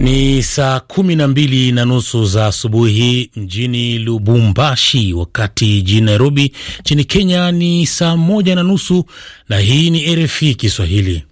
Ni saa kumi na mbili na nusu za asubuhi mjini Lubumbashi, wakati jijini Nairobi nchini Kenya ni saa moja na nusu na hii ni RFI Kiswahili.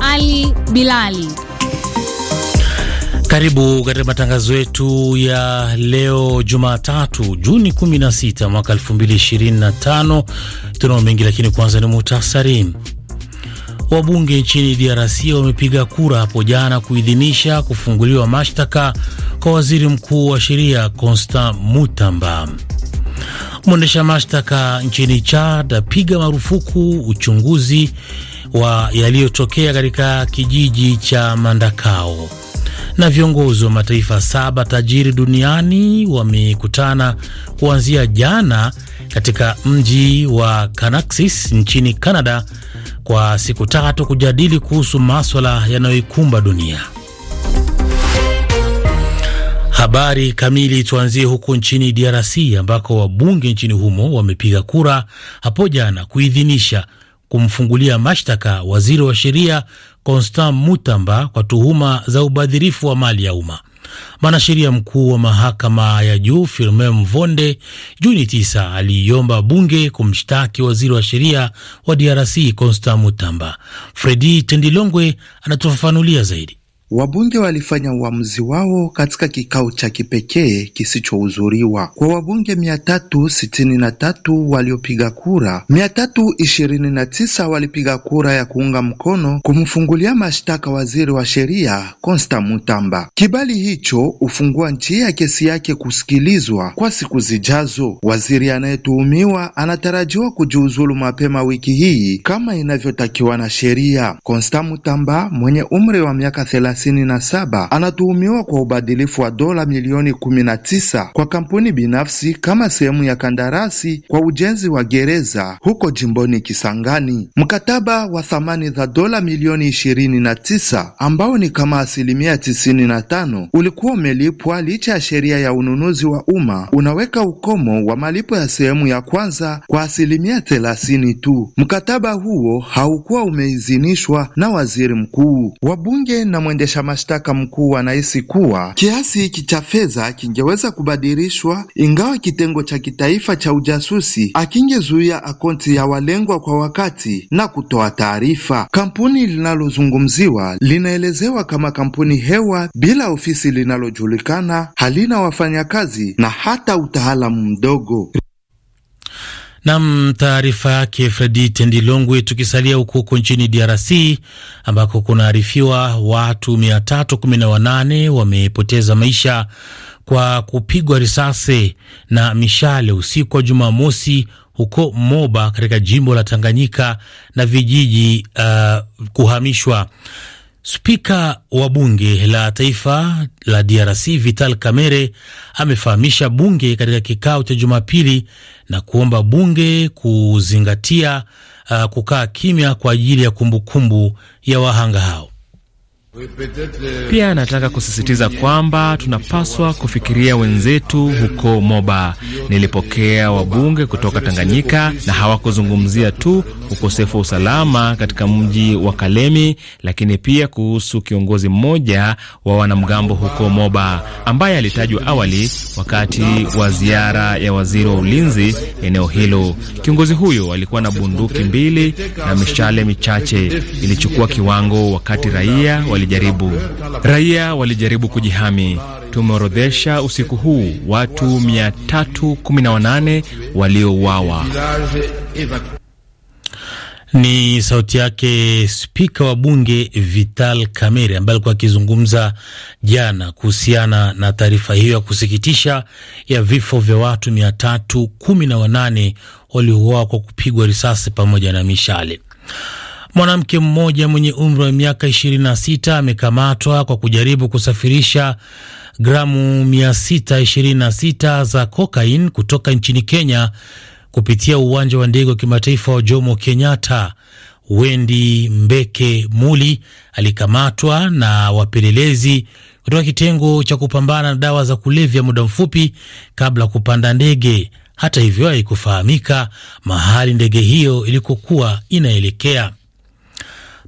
Ali Bilali, karibu katika matangazo yetu ya leo Jumatatu, Juni 16 mwaka 2025. Tunao mengi, lakini kwanza ni muhtasari Wabunge nchini DRC wamepiga kura hapo jana kuidhinisha kufunguliwa mashtaka kwa waziri mkuu wa sheria Constant Mutamba. Mwendesha mashtaka nchini Chad apiga marufuku uchunguzi wa yaliyotokea katika kijiji cha Mandakao. Na viongozi wa mataifa saba tajiri duniani wamekutana kuanzia jana katika mji wa canaxis nchini Canada kwa siku tatu kujadili kuhusu maswala yanayoikumba dunia. Habari kamili tuanzie huko nchini DRC ambako wabunge nchini humo wamepiga kura hapo jana kuidhinisha kumfungulia mashtaka waziri wa sheria Constant Mutamba kwa tuhuma za ubadhirifu wa mali ya umma. Mwanasheria mkuu wa mahakama ya juu Firmin Mvonde Juni 9 aliiomba bunge kumshtaki waziri wa sheria wa DRC Constant Mutamba. Fredi Tendilongwe anatufafanulia zaidi. Wabunge walifanya uamuzi wao katika kikao cha kipekee kisichohudhuriwa. Kwa wabunge 363 waliopiga kura, 329 walipiga kura ya kuunga mkono kumfungulia mashtaka waziri wa sheria konsta Mutamba. Kibali hicho hufungua njia ya kesi yake kusikilizwa kwa siku zijazo. Waziri anayetuhumiwa anatarajiwa kujiuzulu mapema wiki hii kama inavyotakiwa na sheria. Konsta Mutamba mwenye umri wa miaka 30 hamsini na saba anatuhumiwa kwa ubadilifu wa dola milioni kumi na tisa kwa kampuni binafsi kama sehemu ya kandarasi kwa ujenzi wa gereza huko jimboni Kisangani. Mkataba wa thamani za dola milioni ishirini na tisa ambao ni kama asilimia tisini na tano ulikuwa umelipwa licha ya sheria ya ununuzi wa umma unaweka ukomo wa malipo ya sehemu ya kwanza kwa asilimia thelathini tu. Mkataba huo haukuwa umeidhinishwa na waziri mkuu, wabunge na mwendesha mwendesha mashtaka mkuu anahisi kuwa kiasi hiki cha fedha kingeweza kubadilishwa, ingawa kitengo cha kitaifa cha ujasusi akingezuia akaunti ya walengwa kwa wakati na kutoa taarifa. Kampuni linalozungumziwa linaelezewa kama kampuni hewa bila ofisi linalojulikana, halina wafanyakazi na hata utaalamu mdogo. Nam, taarifa yake Fredi Tendilongwe. Tukisalia huko huko nchini DRC ambako kunaarifiwa watu 318 wamepoteza maisha kwa kupigwa risasi na mishale usiku wa Jumamosi huko Moba katika jimbo la Tanganyika na vijiji uh, kuhamishwa. Spika wa bunge la taifa la DRC Vital Kamerhe amefahamisha bunge katika kikao cha Jumapili na kuomba bunge kuzingatia uh, kukaa kimya kwa ajili ya kumbukumbu ya wahanga hao. Pia nataka kusisitiza kwamba tunapaswa kufikiria wenzetu huko Moba. Nilipokea wabunge kutoka Tanganyika na hawakuzungumzia tu ukosefu wa usalama katika mji wa Kalemi, lakini pia kuhusu kiongozi mmoja wa wanamgambo huko Moba ambaye alitajwa awali wakati wa ziara ya waziri wa ulinzi eneo hilo. Kiongozi huyo alikuwa na bunduki mbili na mishale michache. Ilichukua kiwango wakati raia wali walijaribu raia walijaribu kujihami. Tumeorodhesha usiku huu watu 318 waliouawa. Ni sauti yake spika wa bunge Vital Kamerhe ambaye alikuwa akizungumza jana kuhusiana na taarifa hiyo ya kusikitisha ya vifo vya watu 318 waliouawa kwa kupigwa risasi pamoja na mishale. Mwanamke mmoja mwenye umri wa miaka 26 amekamatwa kwa kujaribu kusafirisha gramu 626 za kokain kutoka nchini Kenya kupitia uwanja wa ndege wa kimataifa wa Jomo Kenyatta. Wendi Mbeke Muli alikamatwa na wapelelezi kutoka kitengo cha kupambana na dawa za kulevya muda mfupi kabla ya kupanda ndege. Hata hivyo, haikufahamika mahali ndege hiyo ilikokuwa inaelekea.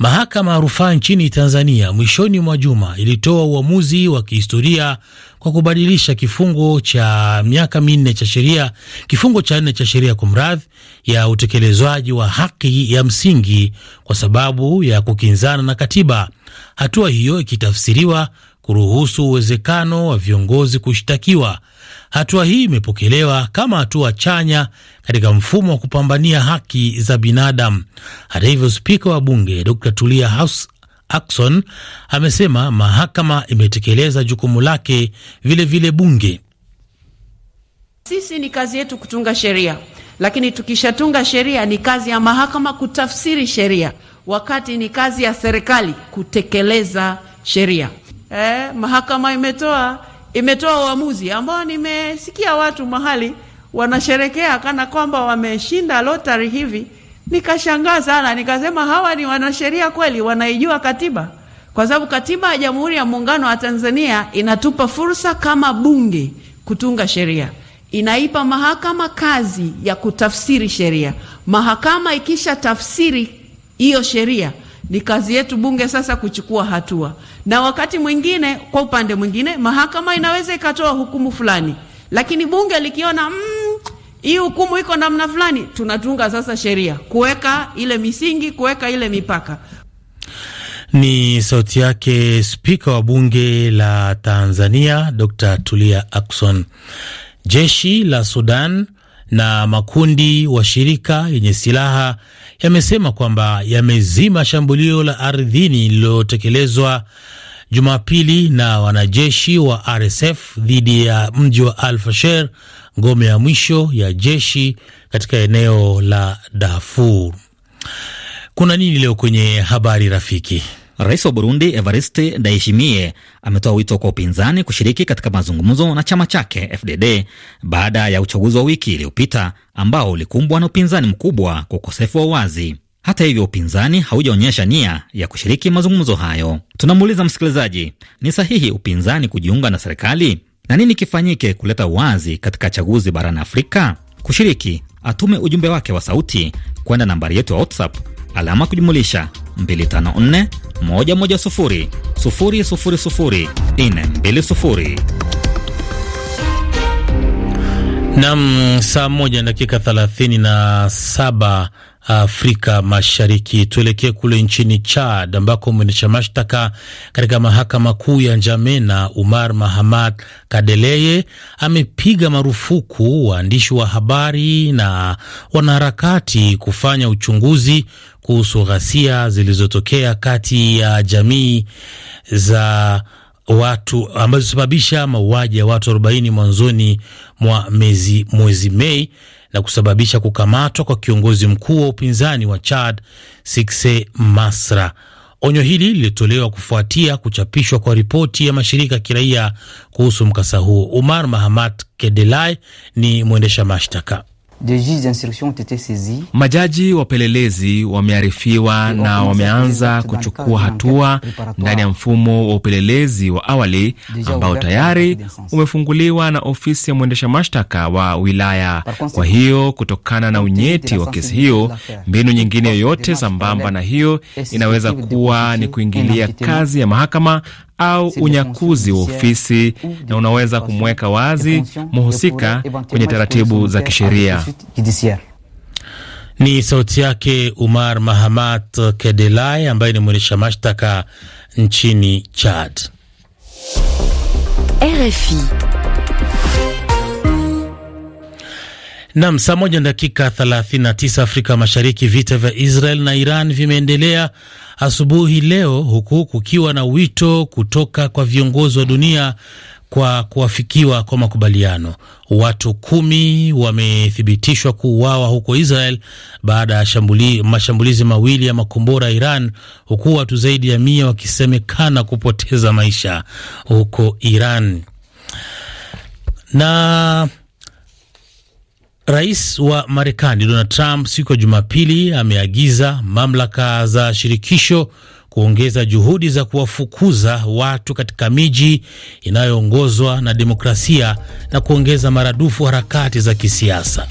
Mahakama ya rufaa nchini Tanzania mwishoni mwa juma ilitoa uamuzi wa kihistoria kwa kubadilisha kifungo cha miaka minne cha sheria, kifungo cha nne cha sheria kumradhi, ya utekelezwaji wa haki ya msingi kwa sababu ya kukinzana na katiba, hatua hiyo ikitafsiriwa kuruhusu uwezekano wa viongozi kushtakiwa Hatua hii imepokelewa kama hatua chanya katika mfumo wa kupambania haki za binadamu. Hata hivyo, spika wa bunge Dr Tulia House Akson amesema mahakama imetekeleza jukumu lake vilevile vile bunge. Sisi ni kazi yetu kutunga sheria, lakini tukishatunga sheria ni kazi ya mahakama kutafsiri sheria, wakati ni kazi ya serikali kutekeleza sheria. Eh, mahakama imetoa imetoa uamuzi ambao nimesikia watu mahali wanasherekea kana kwamba wameshinda lotari hivi. Nikashangaa sana, nikasema hawa ni wanasheria kweli, wanaijua katiba? Kwa sababu katiba ya Jamhuri ya Muungano wa Tanzania inatupa fursa kama bunge kutunga sheria, inaipa mahakama kazi ya kutafsiri sheria. Mahakama ikisha tafsiri hiyo sheria ni kazi yetu bunge sasa kuchukua hatua, na wakati mwingine, kwa upande mwingine, mahakama inaweza ikatoa hukumu fulani, lakini bunge likiona mm, hii hukumu iko namna fulani, tunatunga sasa sheria kuweka ile misingi, kuweka ile mipaka. Ni sauti yake spika wa bunge la Tanzania Dr. Tulia Ackson. Jeshi la Sudan na makundi washirika yenye silaha yamesema kwamba yamezima shambulio la ardhini lililotekelezwa Jumapili na wanajeshi wa RSF dhidi ya mji wa Al Fasher, ngome ya mwisho ya jeshi katika eneo la Darfur. Kuna nini leo kwenye habari rafiki? Rais wa Burundi Evariste Ndayishimiye ametoa wito kwa upinzani kushiriki katika mazungumzo na chama chake FDD baada ya uchaguzi wa wiki iliyopita ambao ulikumbwa na upinzani mkubwa kwa ukosefu wa uwazi. Hata hivyo, upinzani haujaonyesha nia ya kushiriki mazungumzo hayo. Tunamuuliza msikilizaji, ni sahihi upinzani kujiunga na serikali na nini kifanyike kuleta uwazi katika chaguzi barani Afrika? Kushiriki atume ujumbe wake wa sauti kwenda nambari yetu ya WhatsApp alama kujumulisha 254 ine mbili sufuri Nam, saa moja dakika thelathini na saba Afrika Mashariki. Tuelekee kule nchini Chad ambako mwendesha mashtaka katika mahakama kuu ya Njamena Umar Mahamad Kadeleye amepiga marufuku waandishi wa habari na wanaharakati kufanya uchunguzi kuhusu ghasia zilizotokea kati ya jamii za watu ambazo sababisha mauaji ya watu 40 mwanzoni mwa mwezi Mei la kusababisha kukamatwa kwa kiongozi mkuu wa upinzani wa Chad Sikse Masra. Onyo hili lilitolewa kufuatia kuchapishwa kwa ripoti ya mashirika ya kiraia kuhusu mkasa huo. Umar Mahamat Kedelai ni mwendesha mashtaka. Majaji wapelelezi wamearifiwa na wameanza kuchukua hatua ndani ya mfumo wa upelelezi wa awali ambao tayari umefunguliwa na ofisi ya mwendesha mashtaka wa wilaya. Kwa hiyo, kutokana na unyeti wa kesi hiyo, mbinu nyingine yoyote sambamba na hiyo inaweza kuwa ni kuingilia kazi ya mahakama au unyakuzi wa ofisi, na unaweza kumweka wazi mhusika kwenye taratibu za kisheria. Ni sauti yake Umar Mahamat Kedelai ambaye ni mwendesha mashtaka nchini Chad. RFI Nam, saa moja na dakika 39 Afrika Mashariki. Vita vya Israel na Iran vimeendelea asubuhi leo, huku kukiwa na wito kutoka kwa viongozi wa dunia kwa kuafikiwa kwa makubaliano. Watu kumi wamethibitishwa kuuawa huko Israel baada ya mashambulizi mawili ya makombora ya Iran, huku watu zaidi ya mia wakisemekana kupoteza maisha huko Iran na Rais wa Marekani Donald Trump siku ya Jumapili ameagiza mamlaka za shirikisho kuongeza juhudi za kuwafukuza watu katika miji inayoongozwa na demokrasia na kuongeza maradufu harakati za kisiasa.